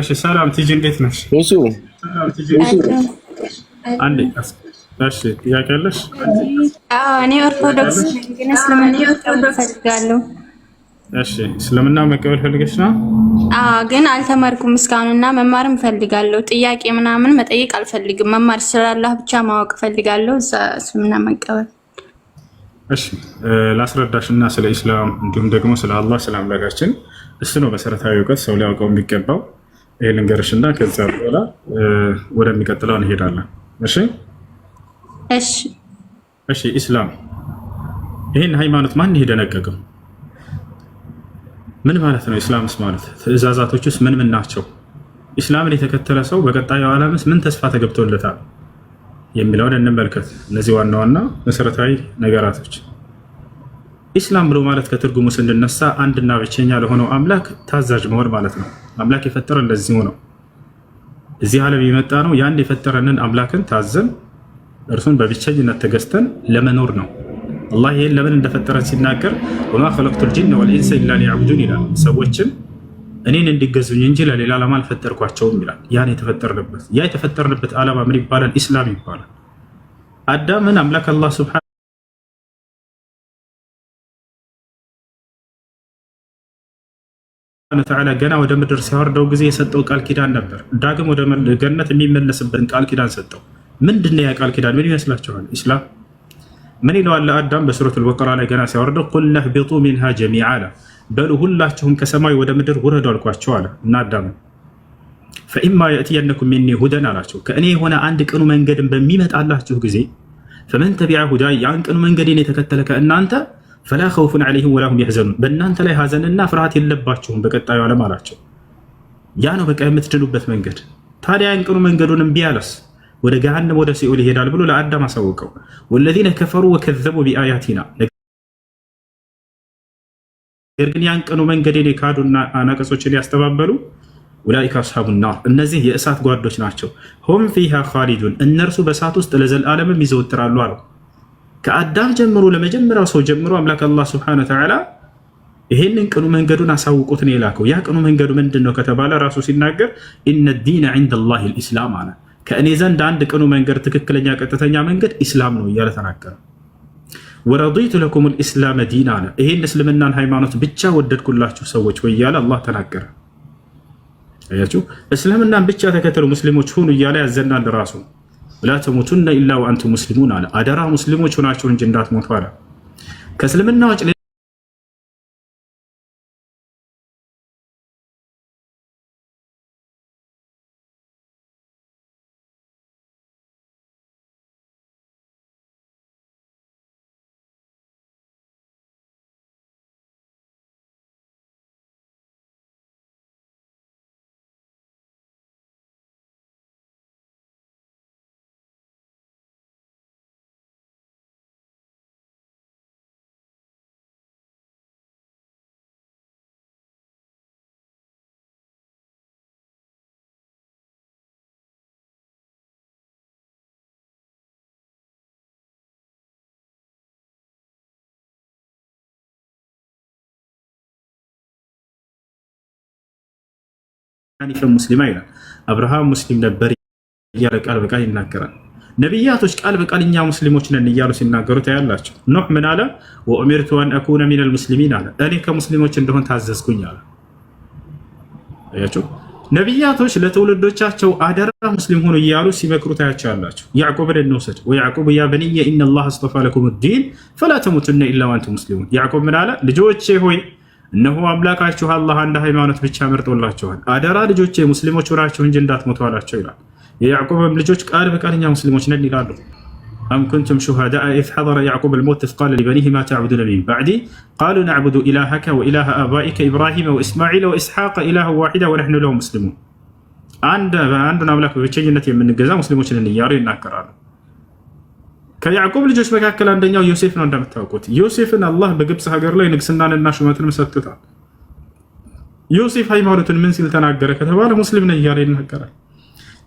እሺ ሰላም ቲጂ፣ እንዴት ነሽ? እሱ አንዴ እሺ፣ ጥያቄ አለሽ? እኔ ኦርቶዶክስ ግን እስልምና እፈልጋለሁ። እሺ፣ እስልምና መቀበል ፈልገሽ ነው? አዎ፣ ግን አልተማርኩም እስካሁን እና መማርም እፈልጋለሁ። ጥያቄ ምናምን መጠየቅ አልፈልግም። መማር ስለ ብቻ ማወቅ እፈልጋለሁ። እዛ እስልምና መቀበል እሺ ላስረዳሽ እና ስለ ኢስላም እንዲሁም ደግሞ ስለ አላህ ስለ አምላካችን እሱ ነው መሰረታዊ እውቀት ሰው ሊያውቀው የሚገባው። ይህ ልንገርሽ እና ከዛ በኋላ ወደሚቀጥለው እንሄዳለን። እሺ እሺ እሺ ኢስላም ይህን ሃይማኖት ማን የደነገገው? ምን ማለት ነው? ኢስላምስ ማለት ትዕዛዛቶች ውስጥ ምን ምን ናቸው? ኢስላምን የተከተለ ሰው በቀጣዩ ዓለምስ ምን ተስፋ ተገብቶለታል? የሚለውን እንመልከት። እነዚህ ዋና ዋና መሰረታዊ ነገራቶች ኢስላም ብሎ ማለት ከትርጉሙ ስንነሳ አንድና ብቸኛ ለሆነው አምላክ ታዛዥ መሆን ማለት ነው። አምላክ የፈጠረ እንደዚሁ ነው። እዚህ ዓለም የመጣ ነው ያን የፈጠረንን አምላክን ታዘን እርሱን በብቸኝነት ተገዝተን ለመኖር ነው። አላህ ይህን ለምን እንደፈጠረን ሲናገር ወማ ኸለቅቱል ጂነ ወልኢንሰ ኢላ ሊያዕቡዱን ይላል ሰዎችን እኔን እንዲገዙኝ እንጂ ለሌላ ዓላማ አልፈጠርኳቸውም ይላል። ያን የተፈጠርንበት ያ የተፈጠርንበት ዓላማ ምን ይባላል? ኢስላም ይባላል። አዳምን አምላክ አላህ ስብሐ ተዓላ ገና ወደ ምድር ሲያወርደው ጊዜ የሰጠው ቃል ኪዳን ነበር። ዳግም ወደ ገነት የሚመለስበትን ቃል ኪዳን ሰጠው። ምንድነው ያ ቃል ኪዳን? ምን ይመስላችኋል? ኢስላም ምን ይለዋል? አዳም በሱረቱል በቀራ ላይ ገና ሲያወርደው ቁል ነህቢጡ ሚንሃ ጀሚዓ በሉ ሁላችሁም ከሰማይ ወደ ምድር ውረዱ አልኳቸው አለ እና አዳም ፈኢማ የእትየነኩም ሚኒ ሁደን አላቸው ከእኔ የሆነ አንድ ቅኑ መንገድን በሚመጣላችሁ ጊዜ ፈመን ተቢዐ ሁዳ ያን ቅኑ መንገድን የተከተለ ከእናንተ ፈላ ኸውፉን ዐለይሂም ወላሁም የሕዘኑን በእናንተ ላይ ሐዘንና ፍርሃት የለባችሁም በቀጣዩ ዓለም አላቸው። ያ ነው በቃ የምትድኑበት መንገድ። ታዲያ ያን ቅኑ መንገዱን እምቢ አለስ ወደ ገሃነም ወደ ሲኦል ይሄዳል ብሎ ለአዳም አሳወቀው። ወለዚነ ከፈሩ ወከዘቡ ቢአያቲና ነገር ግን ያን ቀኑ መንገዴን የካዱና አናቀጾችን ያስተባበሉ ኡላኢከ አስሓቡ ናር፣ እነዚህ የእሳት ጓዶች ናቸው። ሁም ፊሃ ካሊዱን፣ እነርሱ በእሳት ውስጥ ለዘላለምም ይዘወትራሉ አሉ። ከአዳም ጀምሮ ለመጀመሪያው ሰው ጀምሮ አምላክ አላህ ስብሐነ ወተዓላ ይህንን ቅኑ መንገዱን አሳውቁት ነው የላከው። ያ ቅኑ መንገዱ ምንድን ነው ከተባለ ራሱ ሲናገር ኢነ ዲነ ዒንደላሂል ኢስላም አለ። ከእኔ ዘንድ አንድ ቅኑ መንገድ፣ ትክክለኛ ቀጥተኛ መንገድ ኢስላም ነው እያለ ወረዲቱ ለኩም ልእስላመ ዲና አለ። ይሄን እስልምናን ሃይማኖት ብቻ ወደድኩላችሁ ሰዎች ወይ እያለ አላህ ተናገረ። አያችሁ፣ እስልምናን ብቻ ተከተሉ ሙስሊሞች ሁኑ እያለ ያዘናል ራሱ። ላ ተሞቱና ኢላ ወአንቱ ሙስሊሙን አለ። አደራ ሙስሊሞች ሆናችሁ እንጂ እንዳትሞቱ አለ ከእስልምና ውጭ ኒፈ ሙስሊማ ይላል። አብርሃም ሙስሊም ነበር እያለ ቃል በቃል ይናገራል። ነቢያቶች ቃል በቃል እኛ ሙስሊሞች ነን እያሉ ሲናገሩ ታያላቸው። ኖህ ምን አለ? ወኡሚርቱ አን አኩነ ሚነል ሙስሊሚን አለ። እኔ ከሙስሊሞች እንደሆን ታዘዝኩኝ አለ። አያቸው ነቢያቶች ለትውልዶቻቸው አደራ ሙስሊም ሆኑ እያሉ ሲመክሩ ታያቸው ያላቸው። ያዕቆብን እንውሰድ። ወያዕቆብ ያ በንየ ኢነ ላህ አስጠፋ ለኩም ዲን ፈላ ተሙቱነ ኢላ ዋንቱ ሙስሊሙን። ያዕቆብ ምን አለ? ልጆቼ ሆይ እነሆ አምላካችሁ አላህ አንድ ሃይማኖት ብቻ መርጦላችኋል። አደራ ልጆቼ ሙስሊሞች ሁናችሁ እንጂ እንዳትሞቱ አላቸው ይላል። የያዕቆብም ልጆች ቃል በቃል እኛ ሙስሊሞች ነን ይላሉ። አም ኩንቱም ሹሃዳ ኢዝ ሐደረ ያዕቁብ ልሞት ኢዝ ቃለ ሊበኒህ ማ ተዕቡዱነ ሚን ባዕዲ ቃሉ ነዕቡዱ ኢላሀከ ወኢላሀ አባኢከ ኢብራሂመ ወእስማዒለ ወእስሓቀ ኢላሀ ዋሒዳ ወነሕኑ ለው ሙስሊሙን፣ አንዱን አምላክ በብቸኝነት የምንገዛ ሙስሊሞች ነን እያሉ ይናገራሉ። ከያዕቆብ ልጆች መካከል አንደኛው ዮሴፍ ነው። እንደምታውቁት ዮሴፍን አላህ በግብፅ ሀገር ላይ ንግስናንና ሹመትንም ሰጥቶታል። ዮሴፍ ሃይማኖትን ምን ሲል ተናገረ ከተባለ ሙስሊም ነኝ እያለ ይናገራል።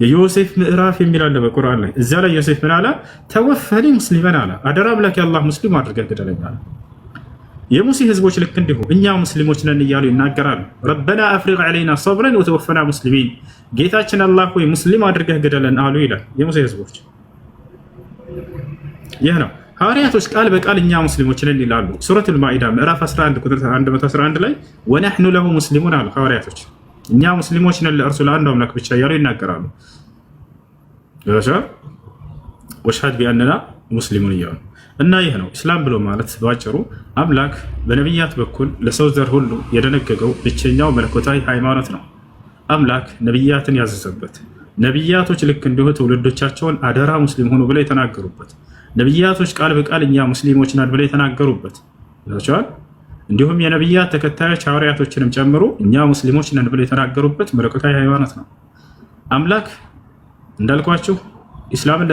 የዮሴፍ ምዕራፍ የሚል አለ በቁርአን ላይ። እዚያ ላይ ዮሴፍ ምን አለ? ተወፈኒ ሙስሊመን አለ። አደራ ብላክ የአላህ ሙስሊም አድርገህ ግደለኝ አለ። የሙሴ ህዝቦች ልክ እንዲሁ እኛ ሙስሊሞች ነን እያሉ ይናገራሉ። ረበና አፍሪቅ ዐለይና ሰብረን ወተወፈና ሙስሊሚን፣ ጌታችን አላህ ሆይ ሙስሊም አድርገህ ግደለን አሉ ይላል የሙሴ ህዝቦች ይህ ነው። ሐዋርያቶች ቃል በቃል እኛ ሙስሊሞች ነን ይላሉ። ሱረቱል ማኢዳ ምዕራፍ 11 ቁጥር 111 ላይ ወነሕኑ ለሁ ሙስሊሙን አሉ ሐዋርያቶች። እኛ ሙስሊሞች ነን ለእርሱ ለአንዱ አምላክ ብቻ እያሉ ይናገራሉ። ወሻድ ቢአንና ሙስሊሙን እያሉ እና ይህ ነው እስላም ብሎ ማለት በአጭሩ አምላክ በነቢያት በኩል ለሰው ዘር ሁሉ የደነገገው ብቸኛው መለኮታዊ ሃይማኖት ነው። አምላክ ነቢያትን ያዘዘበት ነቢያቶች ልክ እንዲሁ ትውልዶቻቸውን አደራ ሙስሊም ሆኑ ብለው የተናገሩበት ነቢያቶች ቃል በቃል እኛ ሙስሊሞች ናል ብለው የተናገሩበት ቸዋል። እንዲሁም የነቢያት ተከታዮች ሐዋርያቶችንም ጨምሮ እኛ ሙስሊሞች ነን ብለው የተናገሩበት መለኮታዊ ሃይማኖት ነው። አምላክ እንዳልኳችሁ ኢስላምን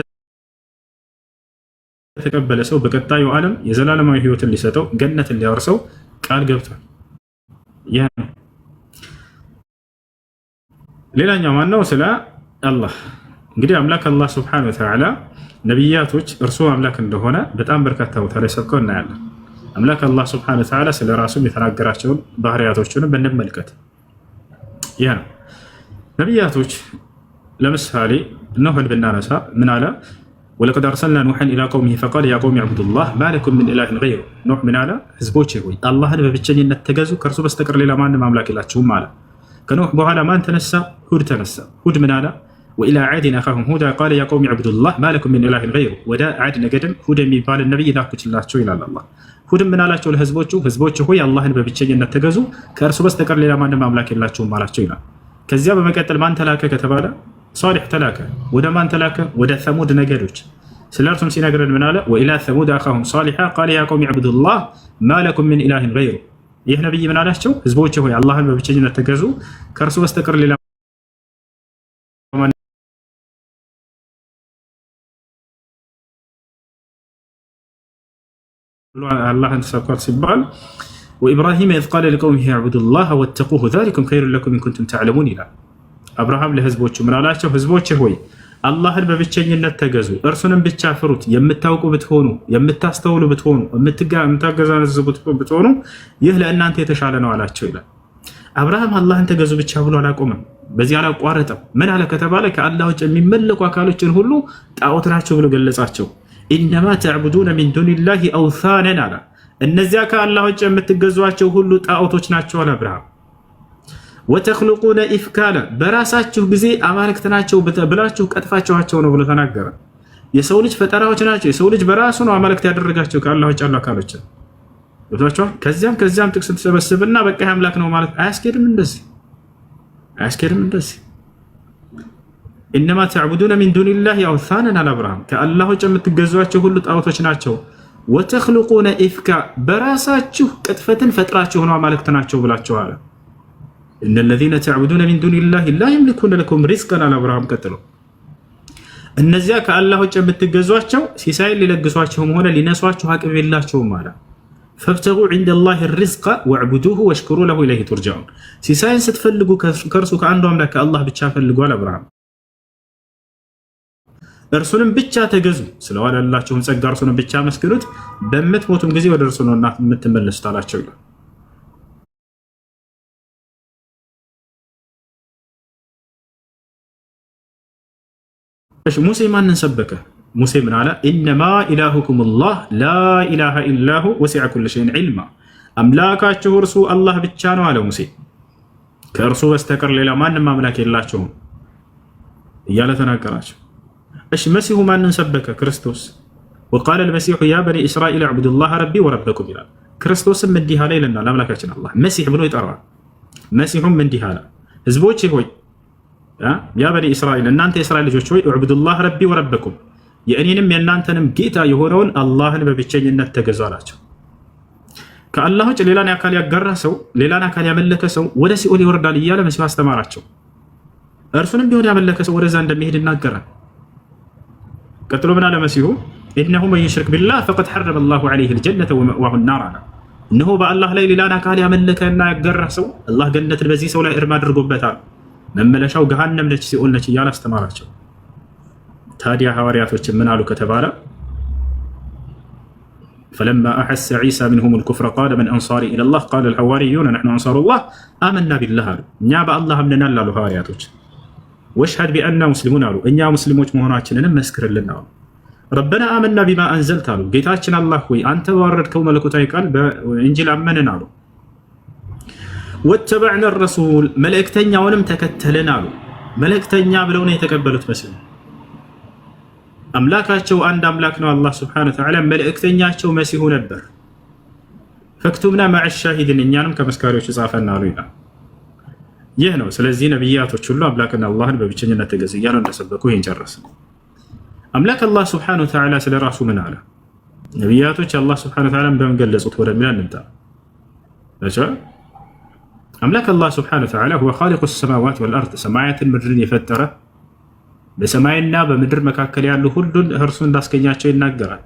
ለተቀበለ ሰው በቀጣዩ ዓለም የዘላለማዊ ህይወትን ሊሰጠው ገነትን ሊያወርሰው ቃል ገብቷል። ይህ ነው። ሌላኛው ማነው? ስለ አላህ እንግዲህ አምላክ አላህ ስብሐነ ወተዓላ ነቢያቶች እርሱ አምላክ እንደሆነ በጣም በርካታ ቦታ ላይ ሰብከው እናያለን። አምላክ አላህ ስብሐነ ወተዓላ ስለ ራሱም የተናገራቸውን ባህርያቶችንም እንመልከት። ያ ነው ነቢያቶች ለምሳሌ ኖህን ብናነሳ ምን አለ? ወለቀድ አርሰልና ኑሐን ኢላ ቀውሚሂ ፈቃለ ያ ቀውሚ ዕቡዱላህ ማ ለኩም ሚን ኢላሂን ገይሩህ። ኖህ ምን አለ? ህዝቦቼ ሆይ አላህን በብቸኝነት ተገዙ፣ ከእርሱ በስተቀር ሌላ ማንም አምላክ የላችሁም አለ። ከኖህ በኋላ ማን ተነሳ? ሁድ ተነሳ። ሁድ ምን አለ? ወኢላ ዓድን አኻሁም ሁዳ ቃለ ያ ቀውሚ ዕብዱላህ ማለኩም ምን ኢላህን ገይሩ። ወደ ዓድ ነገድም ሁድ የሚባል ነቢይ ላኩችላቸው ይላል አላህ። ሁድም ምን አላቸው ለህዝቦቹ፣ ህዝቦች ሆይ አላህን በብቸኝነት ተገዙ፣ ከእርሱ በስተቀር ሌላ ማንም አምላክ የላቸውም አላቸው ይላል። ከዚያ በመቀጠል ማን ተላከ ከተባለ ሷሊሕ ተላከ። ወደ ማን ተላከ? ወደ ሰሙድ ነገዶች። ስለ እርሱም ሲነግረን ምን አለ? ወኢላ ሰሙድ አኻሁም ሷሊሓ ቃለ ያ ቀውሚ ዕብዱላህ ማለኩም ምን ኢላሂን ገይሩ። ይህ ነቢይ ምን አላቸው? ህዝቦች ሆይ አላህን በብቸኝነት ተገዙ፣ ከእርሱ በስተቀር ሌላ አላህን ተሳኳት ሲባል ወኢብራሂም ኢዝ ቃለ ሊቀውሚሂ አዕቡዱላህ ወተቁሁ ዛሊኩም ኸይሩን ለኩም ኢን ኩንቱም ተዕለሙን ይላል። አብርሃም ለህዝቦቹ ምን አላቸው? ህዝቦቼ ሆይ አላህን በብቸኝነት ተገዙ፣ እርሱንም ብቻ ፍሩት። የምታውቁ ብትሆኑ፣ የምታስተውሉ ብትሆኑ፣ የምታገዛዝቡ ብትሆኑ ይህ ለእናንተ የተሻለ ነው አላቸው ይላል። አብርሃም አላህን ተገዙ ብቻ ብሎ አላቆመም። በዚህ አላቋረጠም። ምን አለ ከተባለ ከአላህ ውጭ የሚመለኩ አካሎችን ሁሉ ጣዖት ናቸው ብሎ ገለጻቸው። ኢነማ ተዕቡዱነ ሚን ዱኒላሂ አውሳነን አለ። እነዚያ ከአላህ ውጭ የምትገዟቸው ሁሉ ጣዖቶች ናቸው አለ አብርሃም። ወተክልቁነ ኢፍካነ በራሳችሁ ጊዜ አማልክት ናቸው ብላችሁ ቀጥፋችኋቸው ነው ብሎ ተናገረ። የሰው ልጅ ፈጠራዎች ናቸው። የሰው ልጅ በራሱ ነው አማልክት ያደረጋቸው ከአላህ ውጭ ያሉ አካሎችን ብቷቸዋል። ከዚያም ከዚያም ጥቅስ ትሰበስብና በቃ አምላክ ነው ማለት አያስኬድም። እንደዚህ አያስኬድም እንደዚህ ኢነማ ተዕቡዱነ ሚን ዱኒላህ አውሳንን አለ ከአላህ ውጭ የምትገዟቸው ሁሉ ጣዖቶች ናቸው። ወተክልቁነ ኢፍካ በራሳችሁ ቅጥፈትን ፈጥራችሁ ሆነ አማልክት ናቸው ብላችኋል። እነ ለዚነ ተዕቡዱነ ሚን ዱኒላህ ላ የምሊኩነ ለኩም ሪዝቀን አለ ቀጥሎ እነዚያ ከአላህ ውጭ የምትገዟቸው ሲሳይን ሊለግሷቸውም ሆነ ሊነሷችሁ አቅም የላቸውም አለ። ፈብተጉ ዒንደላህ ሪዝቀ ወዕቡዱሁ ወሽኩሩ ለሁ ኢለይሂ ቱርጃኡን። ሲሳይን ስትፈልጉ ከእርሱ ከአንዱ አምላክ ከአላህ ብቻ ፈልጓል አብርሃም እርሱንም ብቻ ተገዙ፣ ስለዋለላችሁም ጸጋ እርሱንም ብቻ መስግኑት፣ በምትሞቱም ጊዜ ወደ እርሱ ነውና የምትመለሱት አላቸው ይላል። ሙሴ ማንን ሰበከ? ሙሴ ምን አለ? ኢነማ ኢላሁኩም ላህ ላኢላሃ ኢላሁ ወሲዐ ኩለ ሸይን ዒልማ፣ አምላካችሁ እርሱ አላህ ብቻ ነው አለ ሙሴ። ከእርሱ በስተቀር ሌላ ማንም አምላክ የላቸውም እያለ ተናገራቸው። እሺ መሲሁ ማንን ሰበከ? ክርስቶስ ወቃለ ልመሲሑ ያ በኒ እስራኤል አዕቡዱላህ ረቢ ወረበኩም ይላል። ክርስቶስም እንዲህ አለ ይለናል አምላካችን አላህ መሲሕ ብሎ ይጠራዋል። መሲሑም እንዲህ አለ ህዝቦች ሆይ ያ በኒ እስራኤል እናንተ የእስራኤል ልጆች ሆይ እዕቡዱላህ ረቢ ወረበኩም የእኔንም የእናንተንም ጌታ የሆነውን አላህን በብቸኝነት ተገዙ አላቸው። ከአላህ ውጭ ሌላን አካል ያጋራ ሰው፣ ሌላን አካል ያመለከ ሰው ወደ ሲኦል ይወርዳል እያለ መሲሁ አስተማራቸው። እርሱንም ቢሆን ያመለከ ሰው ወደዛ እንደሚሄድ ይናገራል። ቀጥሎ ምን አለ መሲሁ? ኢነሁ መን ዩሽሪክ ቢላህ ፈቀድ ሐረመ ላሁ ዐለይሂል ጀነተ ወመእዋሁ ናር አለ። እነሆ በአላህ ላይ ሌላን አካል ያመለከና ያገራ ሰው አላህ ገነትን በዚህ ሰው ላይ እርም አድርጎበታል፣ መመለሻው ገሃነም ነች፣ ሲኦል ነች እያለ አስተማራቸው። ታዲያ ሐዋርያቶችን ምን አሉ ከተባለ ፈለማ አሐሰ ዒሳ ሚንሁም ልኩፍረ ቃለ መን አንሳሪ ኢለላህ ቃለ ልሐዋርዩነ ነሕኑ አንሳሩላህ አመና ቢላህ አሉ። እኛ በአላህ አምነናል አሉ ሐዋርያቶች ወሽሀድ ቢአና ሙስሊሙን አሉ። እኛ ሙስሊሞች መሆናችንንም መስክርልን አሉ። ረበና አመና ቢማ አንዘልት አሉ። ጌታችን አላህ ሆይ አንተ ባወረድከው መለኮታዊ ቃል በእንጅል አመንን አሉ። ወተበዕነ ረሱል መልእክተኛውንም ተከተልን አሉ። መልእክተኛ ብለው ነው የተቀበሉት መስል አምላካቸው አንድ አምላክ ነው አላህ ሱብሓነሁ ወተዓላ መልእክተኛቸው መሲሁ ነበር። ፈክቱብና ማዕ ሻሂድን እኛንም ከመስካሪዎች ጻፈና አሉ ይላል ይህ ነው። ስለዚህ ነቢያቶች ሁሉ አምላክን አላህን በብቸኝነት ተገዝ እያሉ እንደሰበኩ ይህን ጨረስ። አምላክ አላህ ስብሐነሁ ወተዓላ ስለ ራሱ ምን አለ? ነቢያቶች አላህ ስብሐነሁ ወተዓላን በምን ገለጹት ወደሚል እንምጣ። አምላክ አላህ ስብሐነሁ ወተዓላ ሁወ ኻሊቁ ሰማዋት ወልአርድ ሰማያትን ምድርን የፈጠረ በሰማይና በምድር መካከል ያሉ ሁሉን እርሱ እንዳስገኛቸው ይናገራል።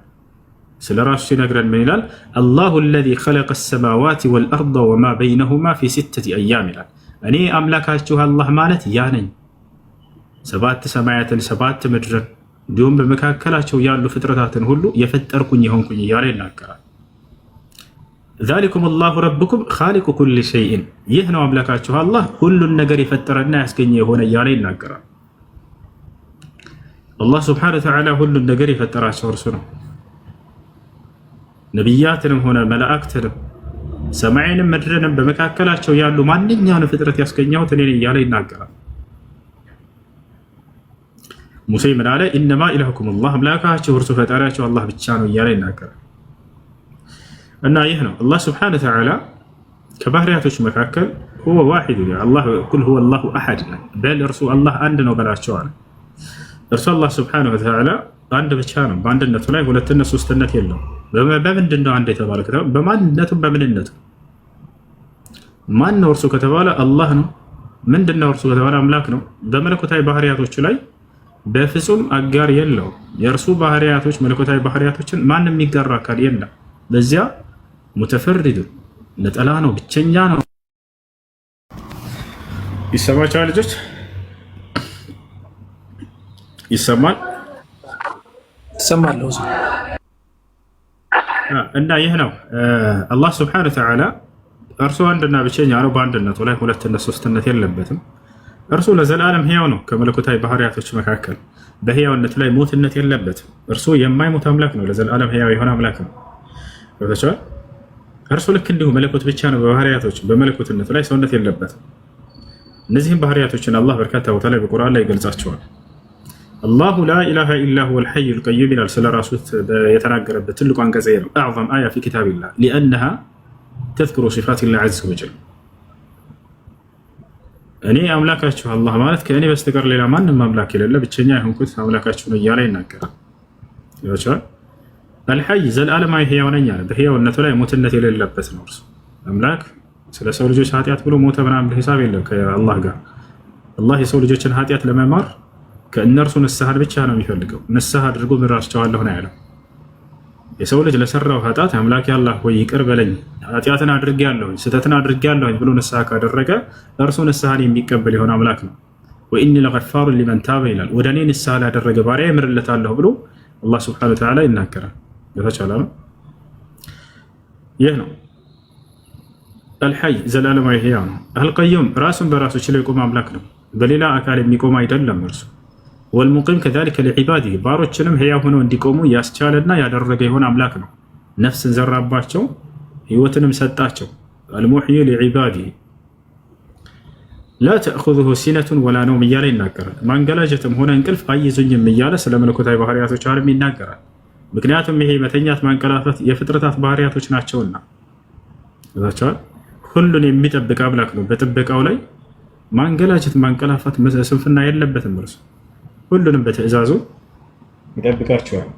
ስለ ራሱ ሲነግረን ምን ይላል? አላሁ አለዚ ኸለቀ ሰማዋት ወልአርድ ወማ በይነሁማ ፊ ሲተቲ አያም ይላል እኔ አምላካችሁ አላህ ማለት ያ ነኝ። ሰባት ሰማያትን ሰባት ምድርን እንዲሁም በመካከላቸው ያሉ ፍጥረታትን ሁሉ የፈጠርኩኝ የሆንኩኝ እያለ ይናገራል። ዛሊኩም አላሁ ረብኩም ኻሊቁ ኩል ሸይን፣ ይህ ነው አምላካችሁ አላህ ሁሉን ነገር የፈጠረና ያስገኘ የሆነ እያለ ይናገራል። አላህ ስብሐነሁ ወተዓላ ሁሉን ነገር የፈጠራቸው እርሱ ነው። ነቢያትንም ሆነ መላእክትንም ሰማይንም ምድርንም በመካከላቸው ያሉ ማንኛውን ፍጥረት ያስገኘሁት እኔ ነኝ እያለ ይናገራል። ሙሴ ምን አለ? ኢነማ ኢላሁኩም አላህ፣ አምላካችሁ እርሱ ፈጣሪያቸው አላህ ብቻ ነው እያለ ይናገራል። እና ይህ ነው አላህ ስብሐነሁ ወተዓላ ከባህሪያቶች መካከል ሁወ ዋሂድ፣ አላሁ አሐድ፣ በል እርሱ አላህ አንድ ነው በላቸው አለ እርሱ አላህ ስብሐነሁ ወተዓላ አንድ ብቻ ነው። በአንድነቱ ላይ ሁለትነት ሶስትነት የለው። በምንድን ነው አንድ የተባለ ከተባለ በማንነቱ በምንነቱ። ማን ነው እርሱ ከተባለ አላህ ነው። ምንድን ነው እርሱ ከተባለ አምላክ ነው። በመለኮታዊ ባህርያቶቹ ላይ በፍጹም አጋር የለው። የእርሱ ባህርያቶች መለኮታዊ ባህርያቶችን ማንም የሚጋራ አካል የለም። በዚያ ሙተፈርዱ ነጠላ ነው፣ ብቸኛ ነው። ይሰማቸዋል ልጆች ይሰማል ይሰማለሁ እና ይህ ነው አላህ ስብሐነ ወተዓላ እርሱ አንድና ብቸኛ ነው። በአንድነቱ ላይ ሁለትነት ሶስትነት የለበትም። እርሱ ለዘላለም ሕያው ነው። ከመለኮታዊ ባህሪያቶች መካከል በሕያውነት ላይ ሞትነት የለበትም። እርሱ የማይሞት አምላክ ነው። ለዘላለም ሕያው የሆነ አምላክ ነው። እርሱ ልክ እንዲሁ መለኮት ብቻ ነው። በባህሪያቶች በመለኮትነቱ ላይ ሰውነት የለበትም። እነዚህም ባህሪያቶችን አላህ በርካታ ቦታ ላይ በቁርአን ላይ ይገልጻቸዋል። አላሁ ላኢላሀ ኢላሃ ኢላ ሁወል ሐዩል ቀዩም ይላል። ስለ ራሱ የተናገረበት ትልቁ አንቀጽ ነው። አዕዘም አያ ፊ ኪታቢላህ ሊአነሃ ተዝክሩ ሲፋቲላህ ዐዘ ወጀል። እኔ አምላካችሁ አላህ ማለት ከእኔ በስተቀር ሌላ ማንም አምላክ የሌለ ብቸኛ የሆንኩት አምላካችሁ ነው እያለ ይናገራል። ይቸዋል አልሐይ ዘለዓለማዊ ህያው ነኝ አለ። በህያውነቱ ላይ ሞትነት የሌለበት ነው። እርሱ አምላክ ስለ ሰው ልጆች ኃጢአት ብሎ ሞተ ምናምን ሂሳብ የለም ከአላህ ጋር። አላህ የሰው ልጆችን ኃጢአት ለመማር ከእነርሱ ንስሐን ብቻ ነው የሚፈልገው። ንስሐ አድርጎ ምራቸዋለሁ ነው ያለው። የሰው ልጅ ለሰራው ኃጢአት አምላክ ያላህ ወይ ይቅር በለኝ፣ ኃጢአትን አድርጌያለሁኝ፣ ስህተትን አድርጌያለሁኝ ብሎ ንስሐ ካደረገ እርሱ ንስሐን የሚቀበል የሆነ አምላክ ነው። ወኢኒ ለገፋሩ ሊመን ታበ ይላል። ወደ እኔ ንስሐ ላደረገ ባሪያ ምርለታለሁ ብሎ አላህ ስብሐነ ወተዓላ ይናገራል። የተቻለ ነው። ይህ ነው አልሐይ ዘላለማዊ ህያው ነው። አልቀዩም ራሱን በራሱ ችሎ የቆመ አምላክ ነው። በሌላ አካል የሚቆም አይደለም እርሱ ወልሙቂም ከዛሊከ ሊዒባዲህ ባሮችንም ሕያው ሆነው እንዲቆሙ ያስቻለና ያደረገ የሆነ አምላክ ነው። ነፍስን ዘራባቸው፣ ህይወትንም ሰጣቸው። አልሙሕይ ሊዒባዲህ ላ ተእኹዙሁ ሲነቱን ወላ ነውም እያለ ይናገራል። ማንገላጀትም ሆነ እንቅልፍ አይዙኝም እያለ ስለ መለኮታዊ ባህርያቶች አለም ይናገራል። ምክንያቱም ይሄ መተኛት፣ ማንቀላፈት የፍጥረታት ባህርያቶች ናቸውና ዛቸዋል። ሁሉን የሚጠብቅ አምላክ ነው። በጥበቃው ላይ ማንገላጀት፣ ማንቀላፈት ስንፍና የለበትም እርሱ ሁሉንም በትዕዛዙ ይጠብቃቸዋል።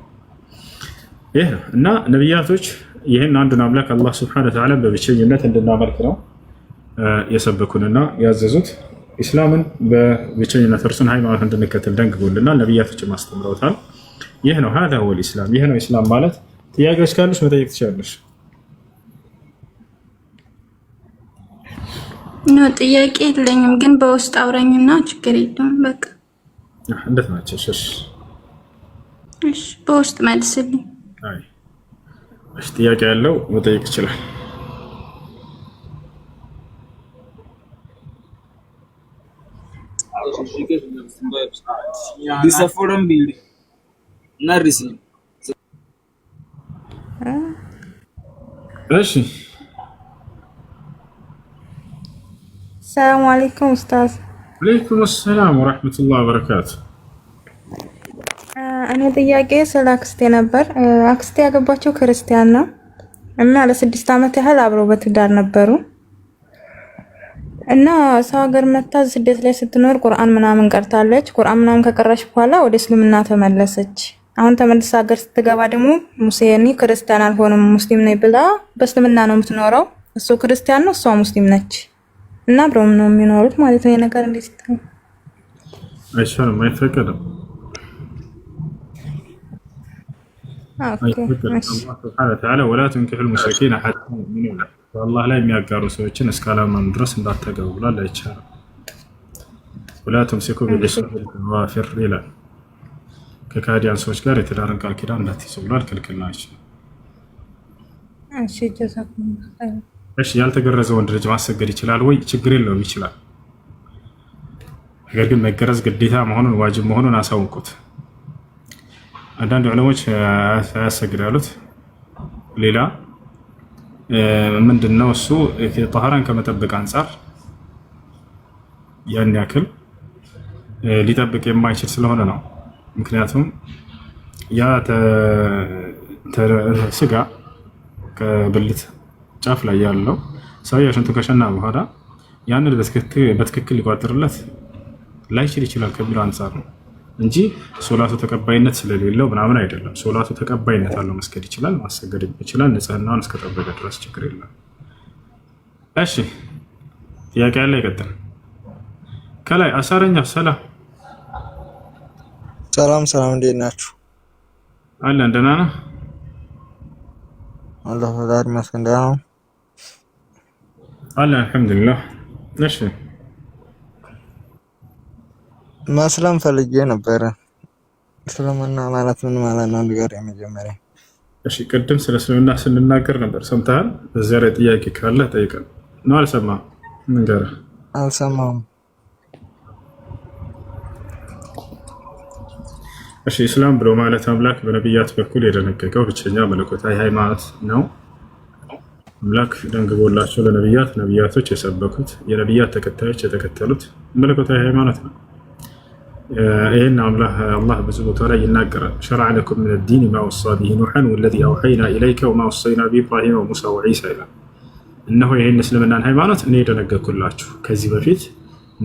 ይህ ነው እና ነቢያቶች ይህን አንዱን አምላክ አላህ ስብሐነሁ ወተዓላ በብቸኝነት እንድናመልክ ነው የሰበኩንና ያዘዙት። ኢስላምን በብቸኝነት እርሱን ሃይማኖት እንድንከተል ደንግጎልናል። ነቢያቶች አስተምረውታል። ይህ ነው ሀዛ ወል ኢስላም፣ ይህ ነው ኢስላም ማለት። ጥያቄዎች ካሉች መጠየቅ ትችላለሽ። ጥያቄ የለኝም፣ ግን በውስጥ አውረኝና ችግር የለውም በቃ نح ندث ماتش ايش ايش ايش بوست مال سيبني اي اشتياق علو وضيق شلح بس فورم بيلي نارسين ايش السلام عليكم استاذ አለይኩም ሰላም ወረህመቱላህ በረካቱ። እኔ ጥያቄ ስለ አክስቴ ነበር። አክስቴ ያገባቸው ክርስቲያን ነው እና ለስድስት ዓመት ያህል አብረው በትዳር ነበሩ እና ሰው ሀገር መታ ስደት ላይ ስትኖር ቁርአን ምናምን ቀርታለች። ቁርአን ምናምን ከቀራች በኋላ ወደ እስልምና ተመለሰች። አሁን ተመልሳ ሀገር ስትገባ ደግሞ ሙሴኒ ክርስቲያን አልሆንም ሙስሊም ነኝ ብላ በእስልምና ነው የምትኖረው። እሱ ክርስቲያን ነው፣ እሷ ሙስሊም ነች። እና አብረውም ነው የሚኖሩት ማለት ነው። የነገር እንዴት ይታያል? አይሻልም? አይፈቀድም። ወላ ትንኪሑ ልሙሽሪኪነ ሓታ ዩእሚኑ በአላህ ላይ የሚያጋሩ ሰዎችን እስከ አላማኑ ድረስ እንዳትተገቡ ብሏል። አይቻልም። ወላ ቱምሲኩ ቢልዑስበቲ ይላል። ከካዲያን ሰዎች ጋር የትዳርን ቃል ኪዳን እንዳትይዙ ብሏል። ክልክል ናቸው። እሺ ያልተገረዘ ወንድ ልጅ ማሰገድ ይችላል ወይ? ችግር የለውም ይችላል። ነገር ግን መገረዝ ግዴታ መሆኑን ዋጅብ መሆኑን አሳውቁት። አንዳንድ ዕለሞች አያሰግድ ያሉት ሌላ ምንድነው እሱ ጣህራን ከመጠበቅ አንጻር ያን ያክል ሊጠብቅ የማይችል ስለሆነ ነው። ምክንያቱም ያ ስጋ ከብልት ጫፍ ላይ ያለው ሰውየው ሽንቱ ከሸና በኋላ ያንን በትክክል ሊቋጥርለት ላይችል ይችላል ከሚለው አንጻር ነው እንጂ ሶላቱ ተቀባይነት ስለሌለው ምናምን አይደለም። ሶላቱ ተቀባይነት አለው። መስገድ ይችላል፣ ማሰገድ ይችላል። ንጽህናውን እስከጠበቀ ድረስ ችግር የለም። እሺ፣ ጥያቄ ያለ ይቀጥል። ከላይ አሳረኛው ሰላም ሰላም ሰላም፣ እንዴት ናችሁ? አለን ደህና ነህ? አላህ ፈጣሪ ይመስገን ደህና ነው። አለ አልሐምዱሊላህ። እሺ መስለም ፈልጌ ነበረ። እስልምና ማለት ምን ማለት ነው? ንገር የመጀመሪያ። እሺ ቅድም ስለ እስልምና ስንናገር ነበር፣ ሰምተሃል? በዚያ ላይ ጥያቄ ካለ ጠይቀን ነው። አልሰማህም? ንገረህ። አልሰማሁም። እሺ ኢስላም ብሎ ማለት አምላክ በነቢያት በኩል የደነገገው ብቸኛ መለኮታዊ ሃይማኖት ነው። አምላክ ደንግቦላቸው ለነቢያት ነቢያቶች የሰበኩት የነቢያት ተከታዮች የተከተሉት መለኮታዊ ሃይማኖት ነው። ይህን አላህ ብዙ ቦታ ላይ ይናገራል። ሸርዐ ለኩም ምን ዲን ማ ወሳ ቢሂ ኑሐን ወለዚ አውሐይና ኢለይከ ወማ ወሰይና ቢሂ ኢብራሂም ወሙሳ ወዒሳ ይላል። እነሆ ይህን እስልምናን ሃይማኖት እኔ ደነገግኩላችሁ ከዚህ በፊት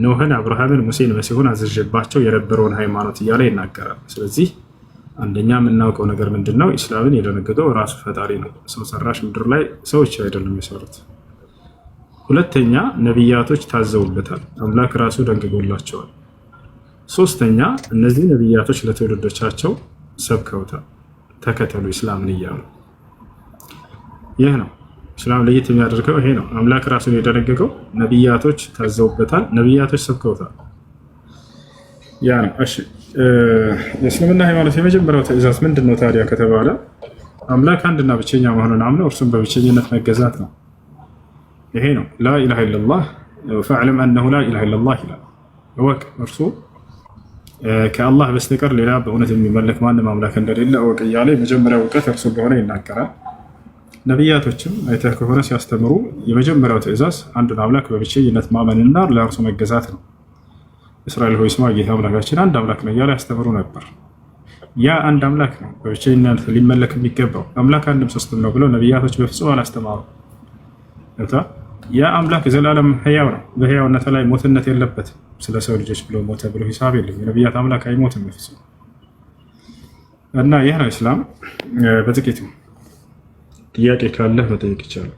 ኖህን፣ አብርሃምን፣ ሙሴን፣ መሲሁን አዘዥባቸው የነበረውን ሃይማኖት እያለ ይናገራል። ስለዚህ አንደኛ የምናውቀው ነገር ምንድን ነው? ኢስላምን የደነገገው ራሱ ፈጣሪ ነው። ሰው ሰራሽ ምድር ላይ ሰዎች አይደለም የሰሩት። ሁለተኛ ነቢያቶች ታዘውበታል፣ አምላክ ራሱ ደንግጎላቸዋል። ሶስተኛ እነዚህ ነቢያቶች ለትውልዶቻቸው ሰብከውታል፣ ተከተሉ ኢስላምን እያሉ። ይህ ነው ኢስላም ለየት የሚያደርገው ይሄ ነው። አምላክ ራሱን የደነገገው ነቢያቶች ታዘውበታል፣ ነቢያቶች ሰብከውታል። ያ ነው። እሺ የእስልምና ሃይማኖት የመጀመሪያው ትዕዛዝ ምንድን ነው ታዲያ ከተባለ አምላክ አንድና ብቸኛ መሆኑን አምነው እርሱም በብቸኝነት መገዛት ነው። ይሄ ነው ላኢላሃ ኢለላህ። ፈዕለም አነሁ ላኢላሃ ኢለላህ ይላል። እወቅ እርሱ ከአላህ በስተቀር ሌላ በእውነት የሚመለክ ማንም አምላክ እንደሌለ እወቅ እያለ የመጀመሪያው እውቀት እርሱ እንደሆነ ይናገራል። ነቢያቶችም አይተህ ከሆነ ሲያስተምሩ የመጀመሪያው ትዕዛዝ አንዱን አምላክ በብቸኝነት ማመንና ለእርሱ መገዛት ነው። እስራኤል ሆይ ስማ፣ ጌታ አምላካችን አንድ አምላክ ነው እያለ ያስተምሩ ነበር። ያ አንድ አምላክ ነው በብቸኝነት ሊመለክ የሚገባው አምላክ አንድም ሶስትም ነው ብለው ነቢያቶች በፍጹም አላስተማሩ። ያ አምላክ ዘላለም ህያው ነው። በህያውነት ላይ ሞትነት የለበትም። ስለ ሰው ልጆች ብሎ ሞተ ብሎ ሂሳብ የለም። የነቢያት አምላክ አይሞትም በፍጹም። እና ይህ ነው ስላም በጥቂቱ። ጥያቄ ካለህ መጠየቅ ይቻላል።